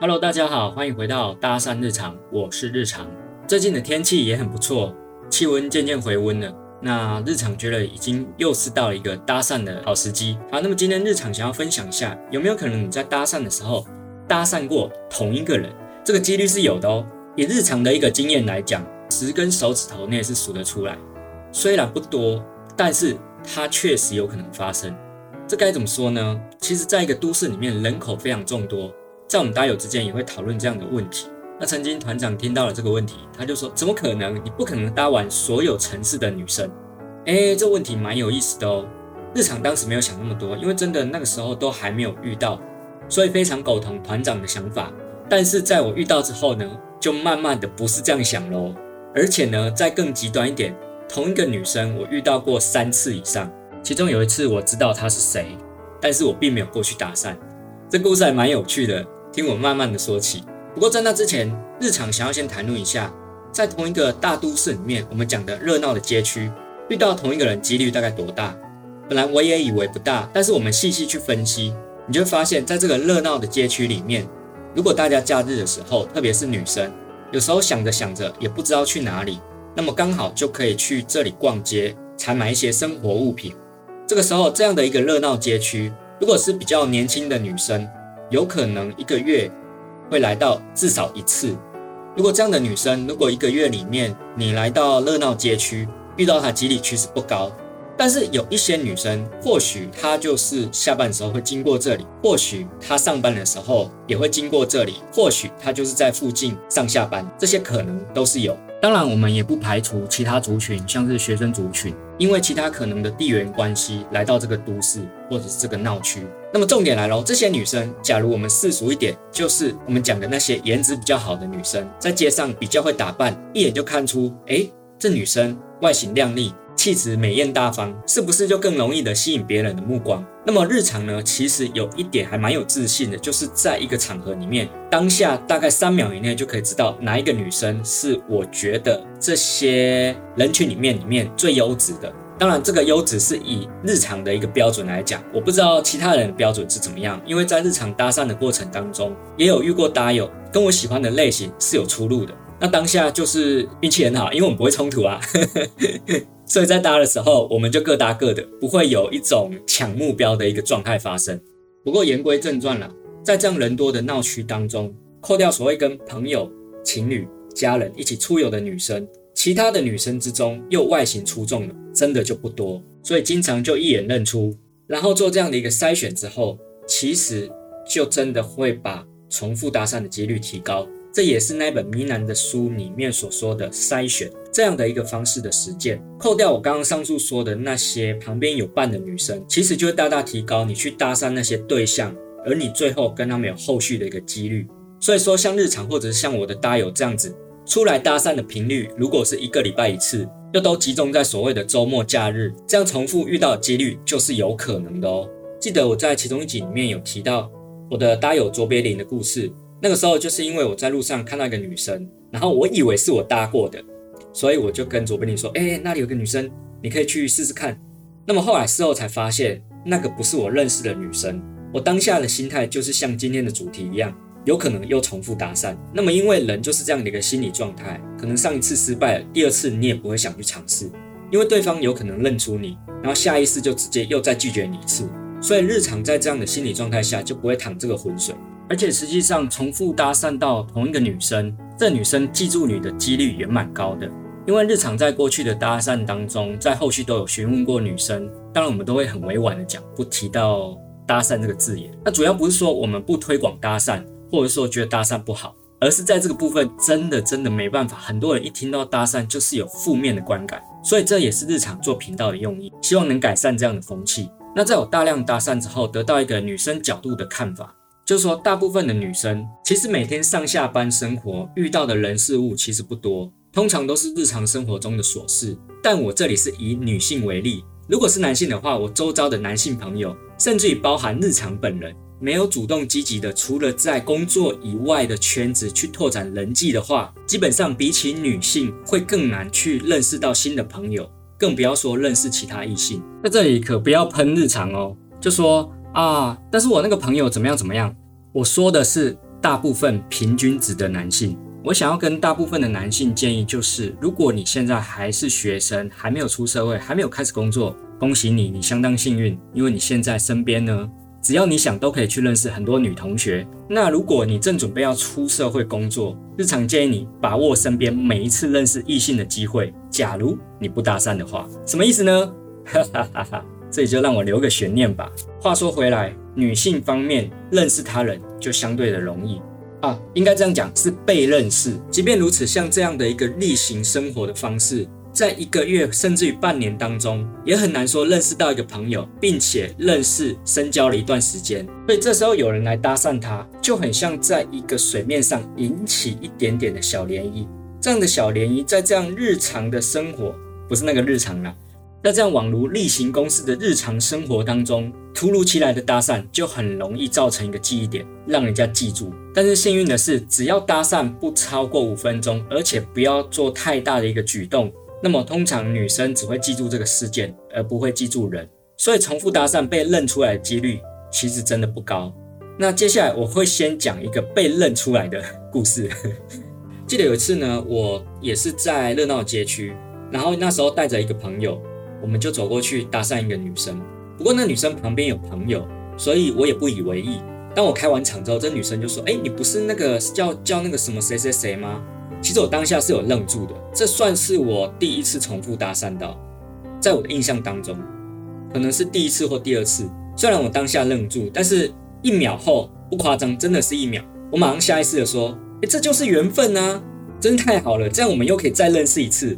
Hello，大家好，歡迎回到搭訕日常，我是日常。最近的天氣也很不錯，氣溫漸漸回溫了。那日常覺得已經又是到了一個搭訕的好時機。好、啊，那麼今天日常想要分享一下，有沒有可能你在搭訕的時候，搭訕過同一個人？這個幾率是有的哦。以日常的一個經驗來講。十根手指頭，你也是數得出來。雖然不多，但是它確實有可能發生。這該怎麼說呢？其實，在一個都市裡面，人口非常眾多，在我們搭友之間也會討論這樣的問題。那曾經團長聽到了這個問題，他就說：“怎麼可能？你不可能搭完所有城市的女生。”欸誒，這問題蠻有意思的哦。日常當時沒有想那麼多，因為真的那個時候都還沒有遇到，所以非常苟同團長的想法。但是在我遇到之後呢，就慢慢的不是這樣想嘍。而且呢，再更極端一點，同一個女生我遇到過三次以上，其中有一次我知道她是誰，但是我並沒有過去搭訕。這故事還蠻有趣的，聽我慢慢的說起。不過在那之前，日常想要先談論一下，在同一個大都市裡面，我們講的熱鬧的街區，遇到同一個人幾率大概多大？本來我也以為不大，但是我們細細去分析，你就會發現在這個熱鬧的街區裡面，如果大家假日的時候，特別是女生，有時候想着想着也不知道去哪裡，那麼剛好就可以去這裡逛街，採買一些生活物品。這個時候，這樣的一個熱鬧街區，如果是比較年輕的女生，有可能一個月會來到至少一次。如果這樣的女生，如果一個月裡面你來到熱鬧街區，遇到她幾率其實不高。但是有一些女生，或許她就是下班的時候會經過這裡，或許她上班的時候也會經過這裡，或許她就是在附近上下班，這些可能都是有。當然，我們也不排除其他族群，像是學生族群，因為其他可能的地緣關係來到這個都市或者是這個鬧區。那麼重點來嘍，這些女生，假如我們世俗一點，就是我們講的那些顏值比較好的女生，在街上比較會打扮，一眼就看出，誒，這女生外形靚麗。氣質美豔大方，是不是就更容易的吸引別人的目光？那麼日常呢，其實有一點還蠻有自信的，就是在一個場合裡面，當下大概三秒以內就可以知道哪一個女生是我覺得這些人群裡面裡面最優質的。當然，這個優質是以日常的一個標準來講，我不知道其他人的標準是怎麼樣。因為在日常搭訕的過程當中，也有遇過搭友跟我喜歡的類型是有出入的。那當下就是運氣很好，因為我們不會衝突啊。 所以在搭的時候，我們就各搭各的，不會有一種搶目標的一個狀態發生。不過言歸正傳啦，在這樣人多的鬧區當中，扣掉所謂跟朋友、情侶、家人一起出遊的女生，其他的女生之中又外形出眾的，真的就不多，所以經常就一眼認出，然後做這樣的一個篩選之後，其實就真的會把重複搭訕的幾率提高。這也是那本《迷男》的書裡面所說的篩選這樣的一個方式的實踐。扣掉我剛剛上述說的那些旁邊有伴的女生，其實就會大大提高你去搭訕那些對象，而你最後跟他們有後續的一個幾率。所以說，像日常或者是像我的搭友這樣子出來搭訕的頻率，如果是一個禮拜一次，又都集中在所謂的周末假日，這樣重複遇到的幾率就是有可能的哦。記得我在其中一集裡面有提到我的搭友卓別林的故事。那個時候就是因為我在路上看到一個女生，然後我以為是我搭過的，所以我就跟左邊你說：“哎、欸，那裡有個女生，你可以去試試看。”那麼後來事後才發現那個不是我認識的女生。我當下的心態就是像今天的主題一樣，有可能又重複搭訕。那麼因為人就是這樣的一個心理狀態，可能上一次失敗了，第二次你也不會想去嘗試，因為對方有可能認出你，然後下一次就直接又再拒絕你一次。所以日常在這樣的心理狀態下，就不會淌這個渾水。而且實際上，重複搭訕到同一個女生，這女生記住你的幾率也蠻高的。因為日常在過去的搭訕當中，在後續都有詢問過女生，當然我們都會很委婉的講，不提到搭訕這個字眼。那主要不是說我們不推廣搭訕，或者說覺得搭訕不好，而是在這個部分真的真的沒辦法。很多人一聽到搭訕就是有負面的觀感，所以這也是日常做頻道的用意，希望能改善這樣的風氣。那在我大量搭訕之後，得到一個女生角度的看法。就是說大部分的女生其實每天上下班生活遇到的人事物其實不多，通常都是日常生活中的瑣事。但我這裡是以女性為例，如果是男性的話，我周遭的男性朋友，甚至於包含日常本人，沒有主動積極的除了在工作以外的圈子去拓展人際的話，基本上比起女性會更難去認識到新的朋友，更不要說認識其他異性。在這裡可不要噴日常哦，就說。啊！但是我那個朋友怎麼樣？怎麼樣？我說的是大部分平均值的男性。我想要跟大部分的男性建議，就是如果你現在還是學生，還沒有出社會，還沒有開始工作，恭喜你，你相當幸運，因為你現在身邊呢，只要你想都可以去認識很多女同學。那如果你正準備要出社會工作，日常建議你把握身邊每一次認識異性的機會。假如你不搭訕的話，什麼意思呢？哈哈哈哈！這裡就讓我留個懸念吧。話說回來，女性方面認識他人就相對的容易啊，應該這樣講是被認識。即便如此，像這樣的一個例行生活的方式，在一個月甚至於半年當中，也很難說認識到一個朋友，並且認識深交了一段時間。所以這時候有人來搭訕他，就很像在一個水面上引起一點點的小漣漪。這樣的小漣漪，在這樣日常的生活，不是那個日常了啊。在這樣宛如例行公事的日常生活當中，突如其來的搭訕就很容易造成一個記憶點，讓人家記住。但是幸運的是，只要搭訕不超過五分鐘，而且不要做太大的一個舉動，那麼通常女生只會記住這個事件，而不會記住人。所以重複搭訕被認出來的幾率其實真的不高。那接下來我會先講一個被認出來的故事。 記得有一次呢，我也是在熱鬧街區，然後那時候帶着一個朋友。我們就走過去搭訕一個女生，不過那女生旁邊有朋友，所以我也不以為意。當我開完場之後，這女生就說：“哎，你不是那個叫叫那個什麼誰誰誰嗎？”其實我當下是有愣住的，這算是我第一次重複搭訕到，在我的印象當中，可能是第一次或第二次。雖然我當下愣住，但是一秒後不誇張，真的是一秒，我馬上下意識的說：“哎，這就是緣分啊，真太好了，這樣我們又可以再認識一次，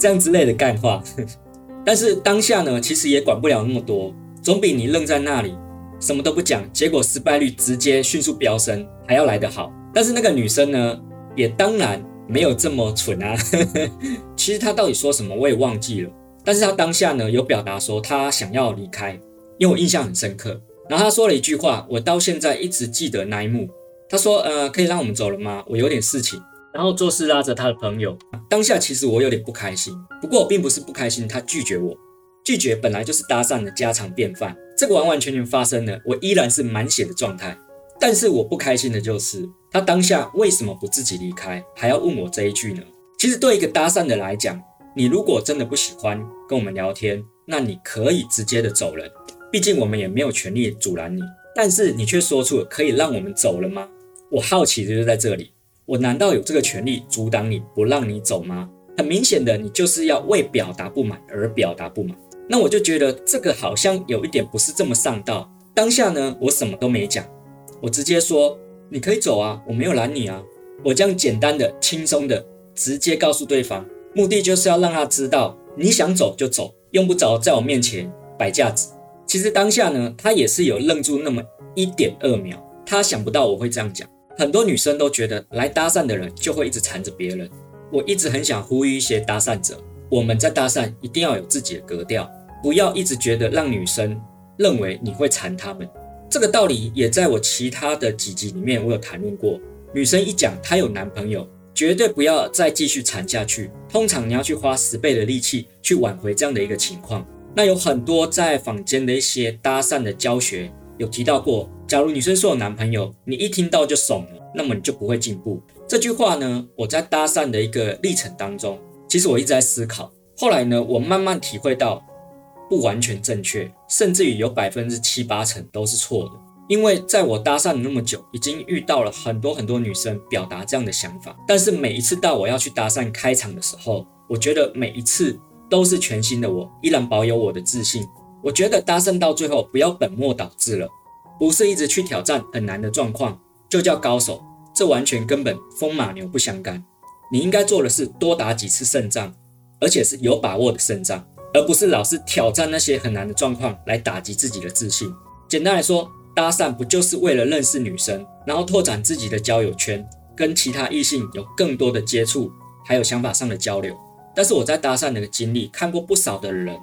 這樣之類的乾話。”但是當下呢，其實也管不了那麼多，總比你愣在那裡，什麼都不講，結果失敗率直接迅速飆升還要來得好。但是那個女生呢，也當然沒有這麼蠢啊。呵呵，其實她到底說什麼我也忘記了，但是她當下呢有表達說她想要離開，因為我印象很深刻。然後她說了一句話，我到現在一直記得那一幕。她說：“呃，可以讓我們走了嗎？我有點事情。”然後做事拉着他的朋友。當下其實我有點不開心，不過我並不是不開心。他拒絕我，拒絕本來就是搭訕的家常便飯。這個完完全全發生了，我依然是滿血的狀態。但是我不開心的就是，他當下為什麼不自己離開，還要問我這一句呢？其實對一個搭訕的來講，你如果真的不喜歡跟我們聊天，那你可以直接的走人，畢竟我們也沒有權利阻攔你。但是你卻說出了可以讓我們走了嗎？我好奇的就在這裡。我難道有這個權利阻擋你不讓你走嗎？很明顯的，你就是要為表達不滿而表達不滿。那我就覺得這個好像有一點不是這麼上道。當下呢，我什麼都沒講，我直接說你可以走啊，我沒有攔你啊。我這樣簡單的、輕鬆的、直接告訴對方，目的就是要讓他知道你想走就走，用不着在我面前擺架子。其實當下呢，他也是有愣住那麼一點二秒，他想不到我會這樣講。很多女生都覺得來搭訕的人就會一直纏着別人，我一直很想呼籲一些搭訕者，我們在搭訕一定要有自己的格調，不要一直覺得讓女生認為你會纏他們。這個道理也在我其他的幾集裡面我有談論過。女生一講她有男朋友，絕對不要再繼續纏下去，通常你要去花十倍的力氣去挽回這樣的一個情況。那有很多在坊間的一些搭訕的教學有提到過。假如女生說我男朋友，你一聽到就慫了，那麼你就不會進步。這句話呢，我在搭訕的一個歷程當中，其實我一直在思考。後來呢，我慢慢體會到，不完全正確，甚至於有百分之七八成都是錯的。因為在我搭訕那麼久，已經遇到了很多很多女生表達這樣的想法。但是每一次到我要去搭訕開場的時候，我覺得每一次都是全新的我，依然保有我的自信。我覺得搭訕到最後，不要本末倒置了。不是一直去挑戰很難的狀況，就叫高手，這完全根本風馬牛不相干。你應該做的是多打幾次勝仗，而且是有把握的勝仗，而不是老是挑戰那些很難的狀況來打擊自己的自信。簡單來說，搭訕不就是為了認識女生，然後拓展自己的交友圈，跟其他異性有更多的接觸，還有想法上的交流。但是我在搭訕的經歷，看過不少的人，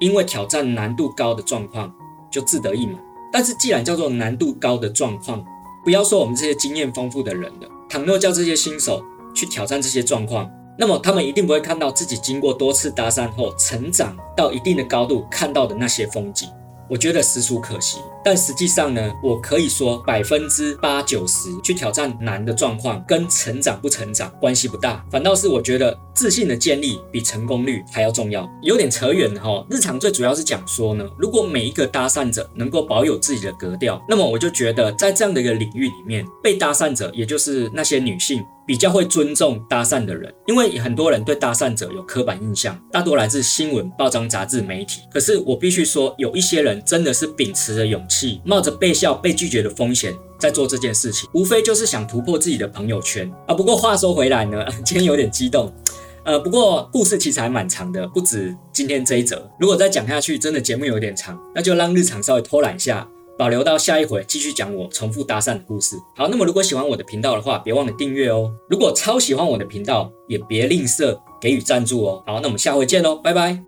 因為挑戰難度高的狀況，就志得意滿。但是，既然叫做難度高的狀況，不要說我們這些經驗豐富的人了。倘若，叫這些新手去挑戰這些狀況，那麼他們一定不會看到自己經過多次搭訕後成長到一定的高度看到的那些風景。我覺得實屬可惜，但實際上呢，我可以說百分之八九十去挑戰難的狀況跟成長不成長關係不大，反倒是我覺得自信的建立比成功率還要重要。有點扯遠哈，日常最主要是講說呢，如果每一個搭訕者能夠保有自己的格調，那麼我就覺得在這樣的一個領域裡面，被搭訕者也就是那些女性。比較會尊重搭訕的人，因為很多人對搭訕者有刻板印象，大多來自新聞、報章、雜誌、媒體。可是我必須說，有一些人真的是秉持着勇氣，冒着被笑、被拒絕的風險，在做這件事情，無非就是想突破自己的朋友圈啊。不過話說回來呢，今天有點激動，呃，不過故事其實還蠻長的，不止今天這一則，如果再講下去，真的節目有點長，那就讓日常稍微偷懶一下。保留到下一回繼續講我重複搭訕的故事。好，那麼如果喜歡我的頻道的話，別忘了訂閱哦。如果超喜歡我的頻道，也別吝嗇給予贊助哦。好，那我們下回見嘍，拜拜。